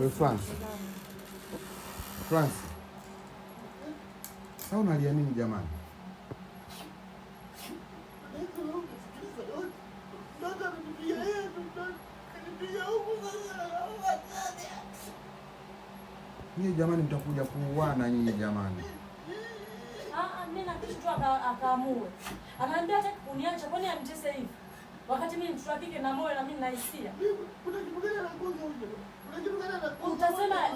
We France. France. Sasa unalia nini jamani? Nyinyi jamani, mtakuja kuuana nyinyi jamani. Ah, ah, mimi na mtoto akaamue, anaambia hata kuniacha, kwani amtese hivi wakati mimi mtoto wa kike na moyo na mimi na hisia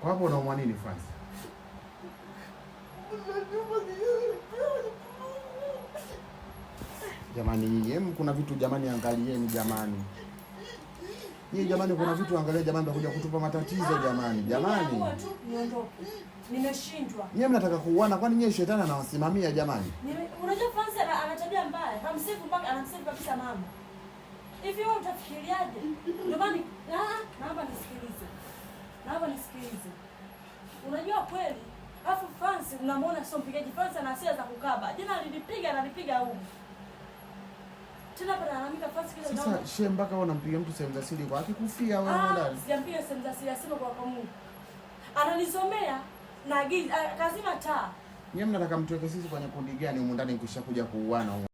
Kwa Hapo unaumwa nini Franz? Jamani nyinyi, hem, kuna vitu jamani, angalieni jamani, nyinyi jamani, kuna vitu angalia jamani, takuja kutupa matatizo jamani, jamani, nimeshindwa. Nyinyi mnataka kuuana, kwani nyinyi shetani anawasimamia jamani? Unajua Franz ana tabia mbaya, hamsifu mpaka anamsifu kabisa mama. Hivi wewe utafikiriaje? nisikilize. Unajua kweli, alafu Fransi unamwona sio mpigaji Fransi ana hasira za kukaba. Jana alinipiga ananipiga huko. Tena bana anamika Fransi kile ndio. Sasa she mpaka wanampiga mtu sehemu za siri kwa akikufia wewe ndani. ah, ndani. sehemu za siri asema kwa kwa Mungu. Ananisomea na giza kazima taa. Nyinyi mnataka mtuweke sisi kwenye kundi gani huko ndani kisha kuja kuuana?